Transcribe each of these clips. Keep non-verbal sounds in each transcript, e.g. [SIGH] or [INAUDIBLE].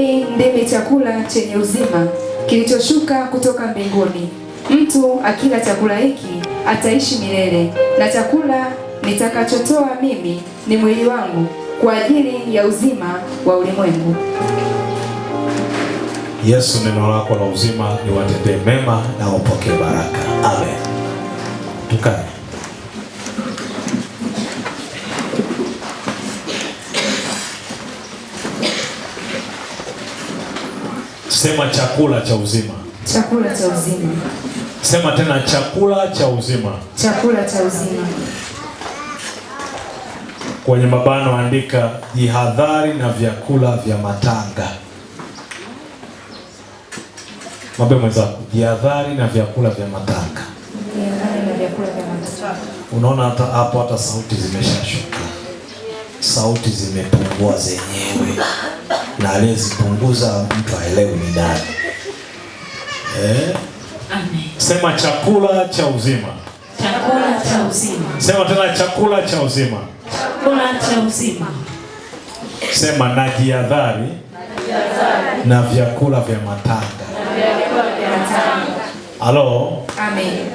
Mimi ndimi chakula chenye uzima kilichoshuka kutoka mbinguni. Mtu akila chakula hiki ataishi milele, na chakula nitakachotoa mimi ni mwili wangu kwa ajili ya uzima wa ulimwengu. Yesu, neno lako la uzima liwatendee mema na wapokee baraka. Amen. Tukae. Sema chakula cha uzima. Chakula cha uzima. Sema tena chakula cha uzima. Chakula cha uzima. Kwenye mabano andika jihadhari na vyakula vya matanga. Mwambie mwenzako jihadhari na vyakula vya matanga. Jihadhari na vyakula vya matanga. Unaona hata hapo hata sauti zimeshashuka sauti zimepungua zenyewe, na aliyezipunguza mtu aelewi ni nani eh? Sema chakula cha uzima, chakula cha uzima. Sema tena chakula cha uzima, chakula cha uzima. Sema najiadhari na vyakula vya matanga. Halo, amen.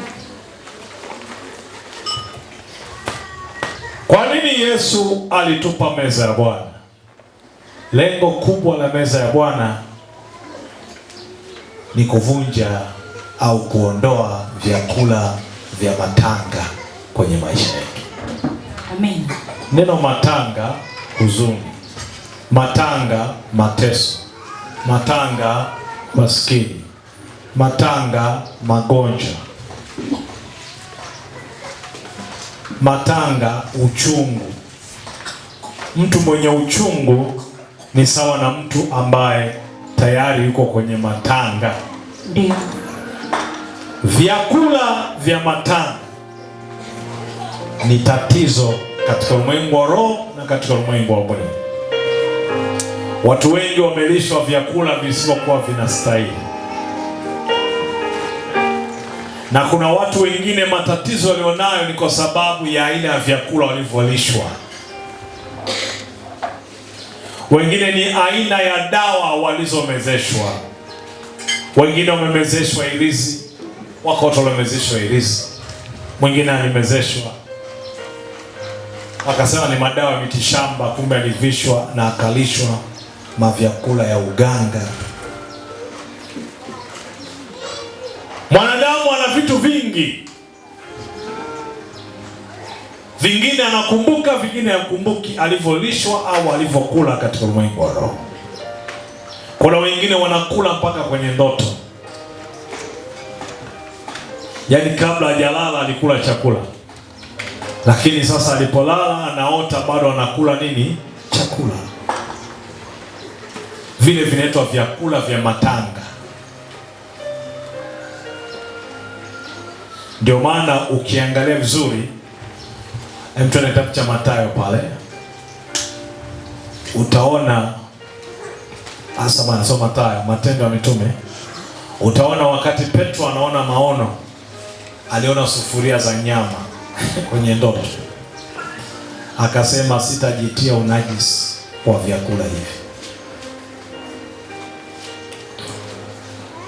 Kwa nini Yesu alitupa meza ya Bwana? Lengo kubwa la meza ya Bwana ni kuvunja au kuondoa vyakula vya matanga kwenye maisha yetu. Amen. Neno matanga, huzuni, matanga, mateso, matanga, maskini, matanga, magonjwa matanga uchungu. Mtu mwenye uchungu ni sawa na mtu ambaye tayari yuko kwenye matanga. Vyakula vya matanga ni tatizo katika ulimwengu wa roho na katika ulimwengu wa mwili. Watu wengi wamelishwa vyakula visivyokuwa vinastahili na kuna watu wengine matatizo walionayo ni kwa sababu ya aina ya vyakula walivyolishwa, wengine ni aina ya dawa walizomezeshwa, wengine wamemezeshwa ilizi. Wako watu waliomezeshwa ilizi, mwingine alimezeshwa akasema ni madawa ya mitishamba, kumbe alivishwa na akalishwa mavyakula ya uganga. Mwanadamu vitu vingi, vingine anakumbuka, vingine hakumbuki alivyolishwa au alivyokula katika ulimwengu wa roho. Kuna wengine wanakula mpaka kwenye ndoto, yaani kabla hajalala alikula chakula, lakini sasa alipolala anaota bado anakula nini? Chakula. Vile vinaitwa vyakula vya matanga. Ndio maana ukiangalia vizuri, mtu ana kitabu cha Mathayo pale, utaona hasa bana, Mathayo, Matendo ya Mitume, utaona wakati Petro anaona maono, aliona sufuria za nyama [LAUGHS] kwenye ndoto, akasema sitajitia unajisi kwa vyakula hivi.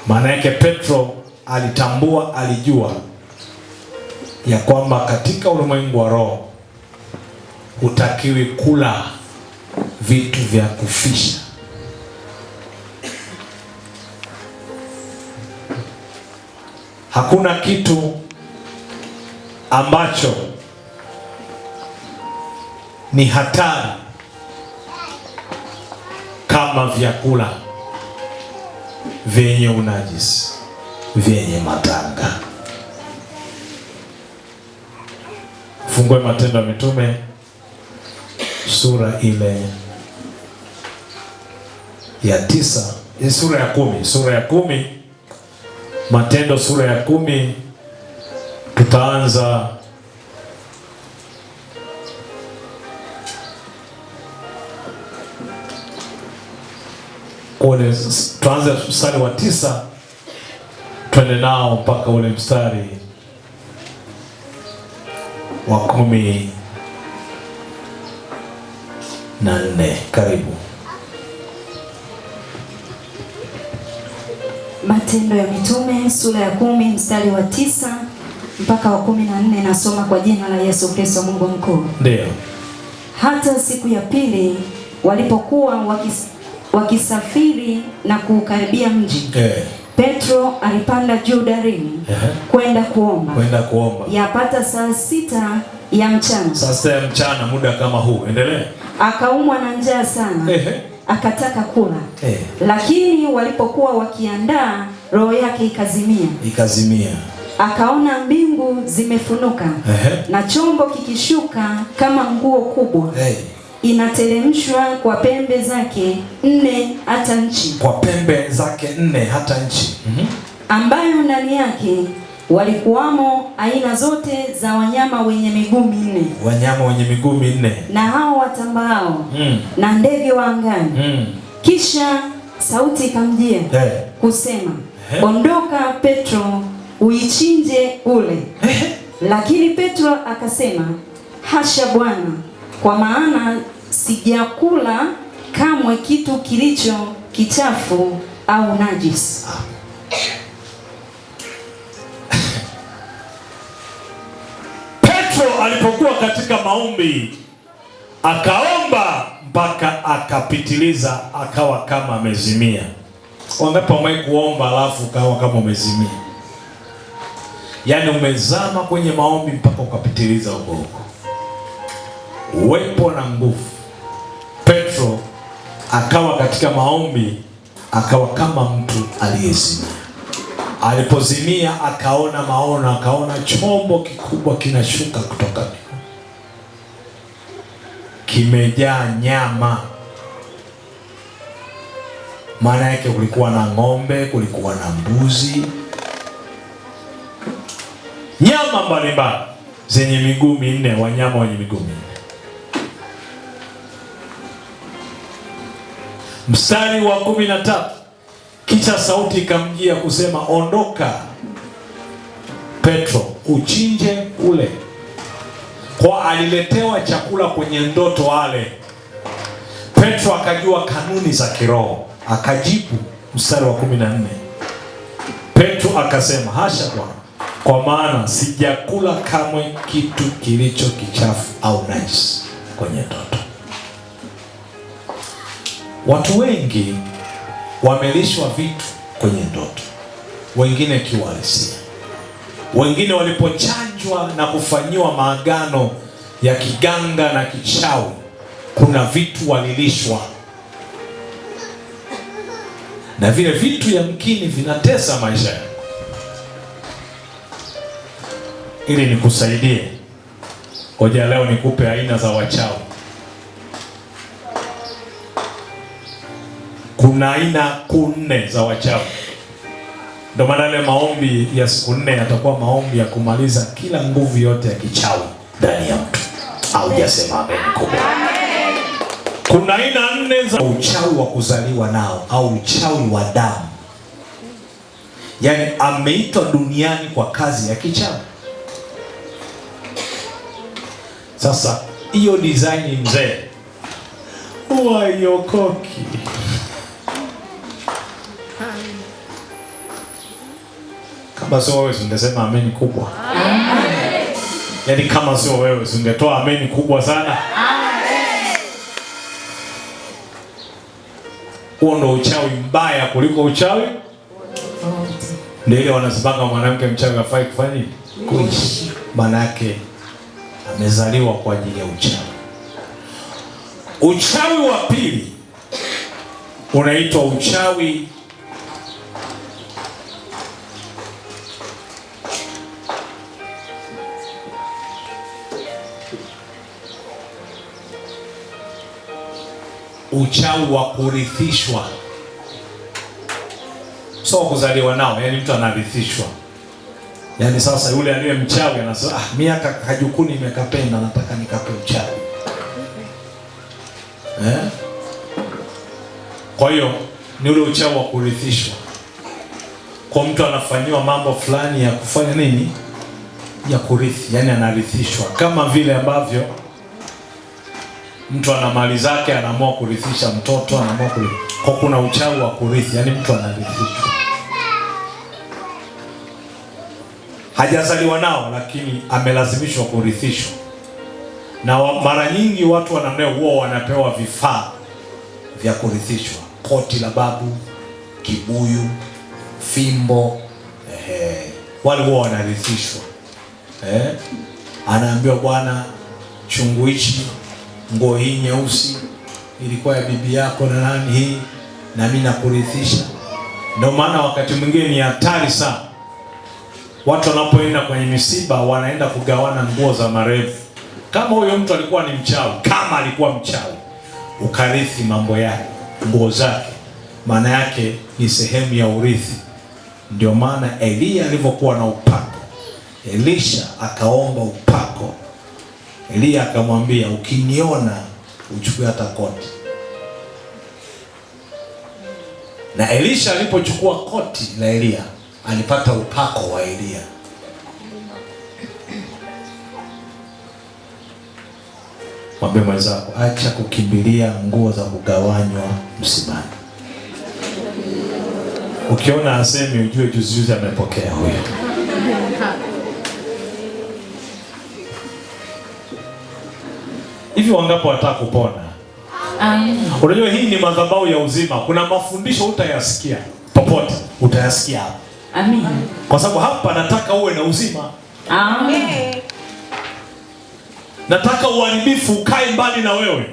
Maana yake Petro alitambua, alijua ya kwamba katika ulimwengu wa roho hutakiwi kula vitu vya kufisha. Hakuna kitu ambacho ni hatari kama vyakula vyenye unajisi, vyenye matanga. Tufungue Matendo ya Mitume sura ile ya tisa, eh, sura ya kumi, sura ya kumi, Matendo sura ya kumi. Tutaanza ule, tuanze mstari wa tisa, twende nao mpaka ule mstari wa kumi na nne. Karibu. Matendo ya Mitume sura ya kumi mstari wa tisa mpaka wa kumi na nne. Nasoma kwa jina la Yesu Kristo Mungu mkuu. Ndio. Hata siku ya pili walipokuwa wakis, wakisafiri na kuukaribia mji eh. Petro alipanda juu darini kwenda kuomba, kwenda kuomba. Yapata saa sita ya mchana, saa sita ya mchana, muda kama huu. Endelea. Akaumwa na njaa sana, akataka kula, eh. lakini walipokuwa wakiandaa, roho yake ikazimia, ikazimia akaona mbingu zimefunuka na chombo kikishuka kama nguo kubwa. Ehe inateremshwa kwa pembe zake nne hata nchi, kwa pembe zake nne hata nchi mm -hmm. ambayo ndani yake walikuwamo aina zote za wanyama wenye miguu minne, wanyama wenye miguu minne na hao watambaao mm. na ndege wa angani mm. Kisha sauti ikamjia hey. kusema hey. Ondoka Petro, uichinje ule hey. Lakini Petro akasema, hasha Bwana, kwa maana sijakula kamwe kitu kilicho kichafu au najis [LAUGHS] Petro alipokuwa katika maombi akaomba mpaka akapitiliza, akawa kama amezimia. Wangapi kuomba alafu ukawa kama umezimia? Yaani umezama kwenye maombi mpaka ukapitiliza huko huko, uwepo na nguvu Petro akawa katika maombi, akawa kama mtu aliyezima. Alipozimia akaona maono, akaona chombo kikubwa kinashuka kutoka kimejaa nyama. Maana yake kulikuwa na ng'ombe, kulikuwa na mbuzi, nyama mbalimbali zenye miguu minne, wanyama wenye miguu minne. mstari wa kumi na tatu kisha sauti ikamjia kusema, ondoka Petro, uchinje ule. Kwa aliletewa chakula kwenye ndoto ale. Petro akajua kanuni za kiroho, akajibu. Mstari wa kumi na nne Petro akasema, hasha Bwana, kwa maana sijakula kamwe kitu kilicho kichafu au najisi kwenye ndoto. Watu wengi wamelishwa vitu kwenye ndoto, wengine kiuhalisia, wengine walipochanjwa na kufanyiwa maagano ya kiganga na kichawi, kuna vitu walilishwa, na vile vitu yamkini vinatesa maisha yako. Ili nikusaidie, hoja leo nikupe aina za wachawi kuna aina kuu nne za wachawi. Ndio maana yale maombi ya siku nne yatakuwa maombi ya kumaliza kila nguvu yote ya kichawi ndani ya mtu. jasema amen kubwa. Kuna aina nne za uchawi wa kuzaliwa nao au uchawi wa damu, yaani ameitwa duniani kwa kazi ya kichawi. Sasa hiyo design mzee huwa iokoki Kama sio wewe ungesema ameni kubwa. Amen. Yaani kama sio wewe ungetoa ameni kubwa sana. Amen. Huo ndo uchawi mbaya kuliko uchawi ndio ile wanasipanga mwanamke mchawi afai kufanya nini? Kuishi. Manake amezaliwa kwa ajili ya uchawi. Uchawi wa pili unaitwa uchawi uchawi wa kurithishwa, sio kuzaliwa nao, yani mtu anarithishwa. Yani sasa yule aliye mchawi anasema, ah, miaka kajukuni imekapenda, nataka nikape uchawi eh? Kwa hiyo ni ule uchawi wa kurithishwa, kwa mtu anafanyiwa mambo fulani ya kufanya nini, ya kurithi, yani anarithishwa kama vile ambavyo mtu ana mali zake, anaamua kurithisha mtoto, anaamua kwa, kuna uchawi wa kurithi, yani mtu anarithishwa, hajazaliwa nao, lakini amelazimishwa kurithishwa. Na mara nyingi watu wanamna huo wanapewa vifaa vya kurithishwa, koti la babu, kibuyu, fimbo eh, wale huwa wanarithishwa eh, anaambiwa bwana, chungu hichi nguo hii nyeusi ilikuwa ya bibi yako na nani hii, na mimi nakurithisha. Ndio maana wakati mwingine ni hatari sana, watu wanapoenda kwenye misiba wanaenda kugawana nguo za marefu Kama huyo mtu alikuwa ni mchawi, kama alikuwa mchawi, ukarithi mambo yake, nguo zake, maana yake ni sehemu ya urithi. Ndio maana Eliya alivyokuwa na upako, Elisha akaomba upako. Eliya akamwambia, ukiniona uchukue hata koti. Na Elisha alipochukua koti la elia alipata upako wa elia Mwambie mwenzako, acha kukimbilia nguo za kugawanywa msibani. Ukiona asemi, ujue juzijuzi amepokea huyo. hivi wangapi wataka kupona? Amen. Unajua hii ni madhabahu ya uzima. Kuna mafundisho utayasikia popote, utayasikia hapa. Amen. Kwa sababu hapa nataka uwe na uzima. Amen. Nataka uharibifu ukae mbali na wewe. Amen.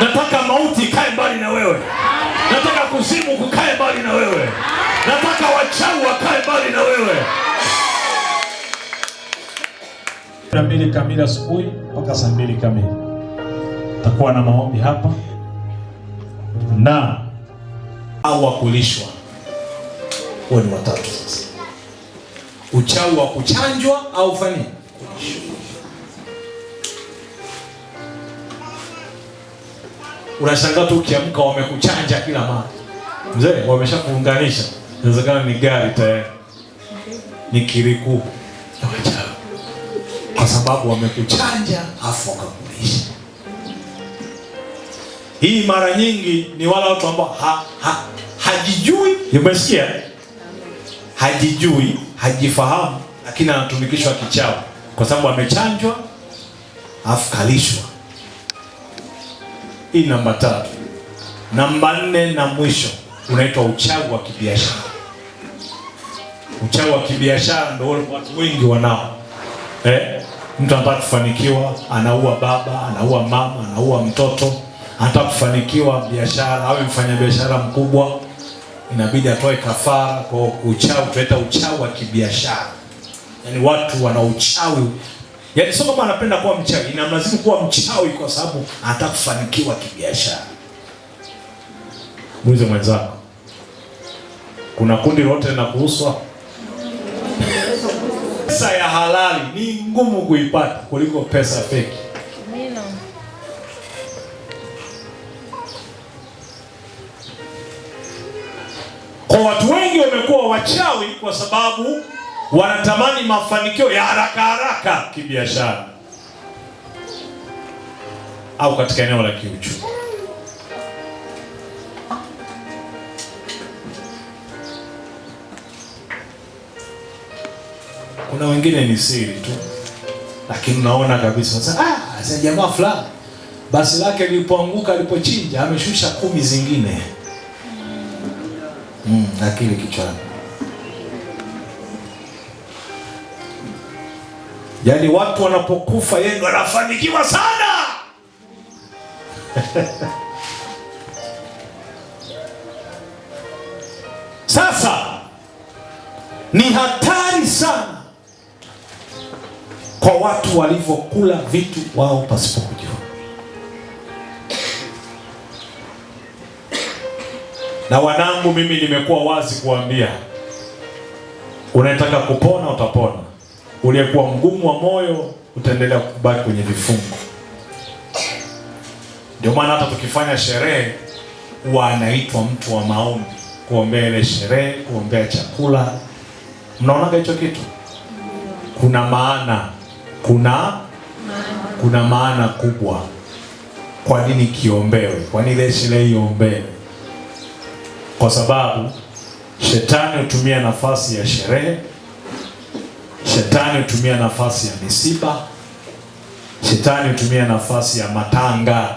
Nataka mauti ikae mbali na wewe. Amen. Nataka kuzimu kukae mbali na wewe. Amen. Nataka wachawi wakae mbali na wewe. Saa mbili kamili asubuhi mpaka saa mbili kamili atakuwa na maombi hapa na au wakulishwa kulishwa huo ni watatu sasa. Uchawi wa kuchanjwa au fani unashangaa tu ukiamka wamekuchanja kila mara. Mzee, wameshakuunganisha. Inawezekana ni gari tayari. Ni kiriku. Kwa sababu wamekuchanja afu wakakulisha. Hii mara nyingi ni wale watu ambao ha, ha, hajijui, umesikia? Hajijui, hajifahamu, lakini anatumikishwa kichawi kwa sababu amechanjwa afukalishwa Hii namba tatu. Namba nne na mwisho unaitwa uchawi wa kibiashara. Uchawi wa kibiashara ndio watu wengi wanao eh? Mtu ambaye tufanikiwa anaua baba, anaua mama, anaua mtoto hata kufanikiwa biashara awe mfanyabiashara mkubwa, inabidi atoe kafara. Kwa uchawi, tunaita uchawi wa kibiashara, yaani watu wana uchawi, yaani sio kama anapenda kuwa mchawi, lazima kuwa mchawi kwa sababu anataka kufanikiwa kibiashara. Muulize mwenzako, kuna kundi lote kuhuswa. pesa ya halali ni ngumu kuipata kuliko pesa feki. Kwa watu wengi wamekuwa wachawi kwa sababu wanatamani mafanikio ya haraka haraka kibiashara au katika eneo la kiuchumi. Kuna wengine ni siri tu, lakini unaona kabisa sasa, ah, jamaa fulani basi lake lilipoanguka, alipochinja ameshusha kumi zingine. Mm, akili kichwani. Yaani watu wanapokufa yeye ndo anafanikiwa sana. [LAUGHS] Sasa ni hatari sana kwa watu walivyokula vitu wao pasipo Na wanangu, mimi nimekuwa wazi kuambia, unataka kupona utapona, uliyekuwa mgumu wa moyo utaendelea kubaki kwenye vifungo. Ndio maana hata tukifanya sherehe huwa anaitwa mtu wa maombi kuombea ile sherehe, kuombea chakula. Mnaonaga hicho kitu? Kuna maana, kuna kuna maana kubwa. Kwa nini kiombewe? Kwa nini ile sherehe iombewe? kwa sababu shetani hutumia nafasi ya sherehe, shetani hutumia nafasi ya misiba, shetani hutumia nafasi ya matanga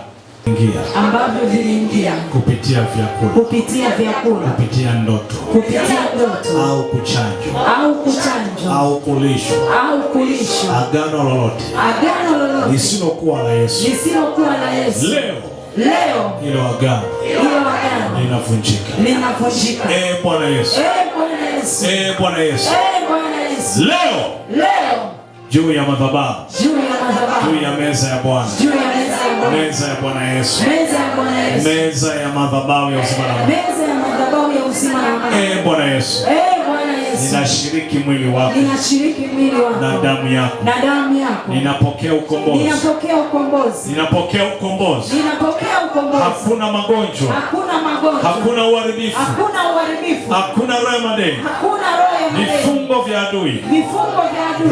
ingia ambavyo viliingia kupitia vyakula, kupitia vyakula, kupitia ndoto, kupitia ndoto au kuchanjwa, au kuchanjwa, au kulishwa, au kulishwa, agano lolote, agano lolote lisilokuwa la Yesu, lisilokuwa la Yesu. Leo leo ilo agano linavunjika, linavunjika. Eh, Bwana Yesu, eh, Bwana Yesu, eh, Bwana Yesu, eh, Bwana Yesu. Leo, leo juu ya madhabahu, juu ya madhabahu, juu ya meza ya Bwana, juu ya meza ya Bwana, meza ya Bwana Yesu, meza ya Bwana Yesu, meza ya madhabahu ya uzima na amani, meza ya madhabahu ya uzima na amani. Eh, Bwana Yesu, eh ninashiriki mwili wako na damu yako, ninapokea ukombozi, ninapokea ukombozi. Hakuna magonjwa, hakuna uharibifu, hakuna roho ya madeni, vifungo vya adui,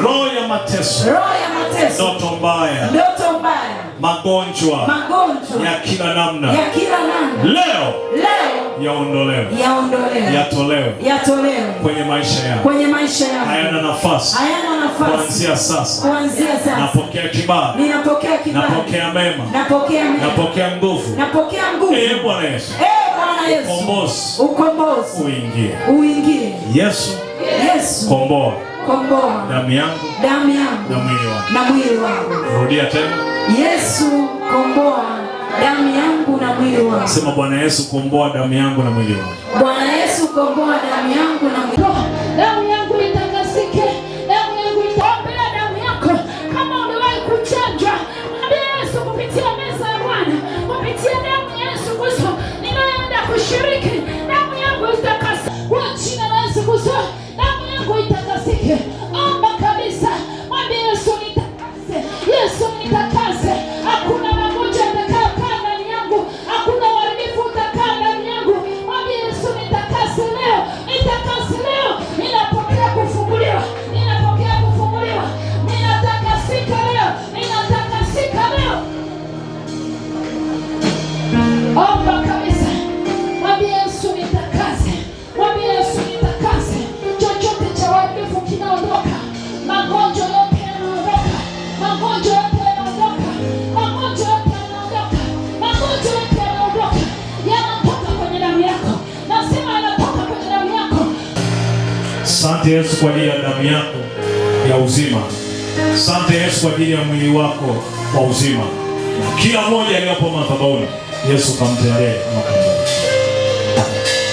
roho ya mateso, ndoto mbaya magonjwa, magonjwa ya kila namna, namna. Leo, leo yaondolewe, yaondolewe, yatolewe, yatolewe kwenye maisha yako, kwenye maisha yako. Hayana nafasi, hayana nafasi. Kuanzia sasa, kuanzia sasa napokea kibali, ninapokea kibali, napokea mema, napokea mema, napokea nguvu, napokea nguvu. Ee Bwana Yesu, ee Bwana Yesu, ukombozi, ukombozi uingie, uingie Yesu, Yesu komboa, komboa damu yangu, damu yangu na mwili wangu, na mwili wangu. Rudia tena, Yesu komboa damu yangu na mwili wangu. Sema Bwana Yesu, komboa damu yangu na mwili wangu. Bwana Yesu, komboa damu yangu na mwili wangu. Asante Yesu kwa ajili ya damu yako ya uzima. Asante Yesu kwa ajili ya mwili wako wa uzima. Kila mmoja aliyopo madhabahuni, Yesu kamtendee mapendo.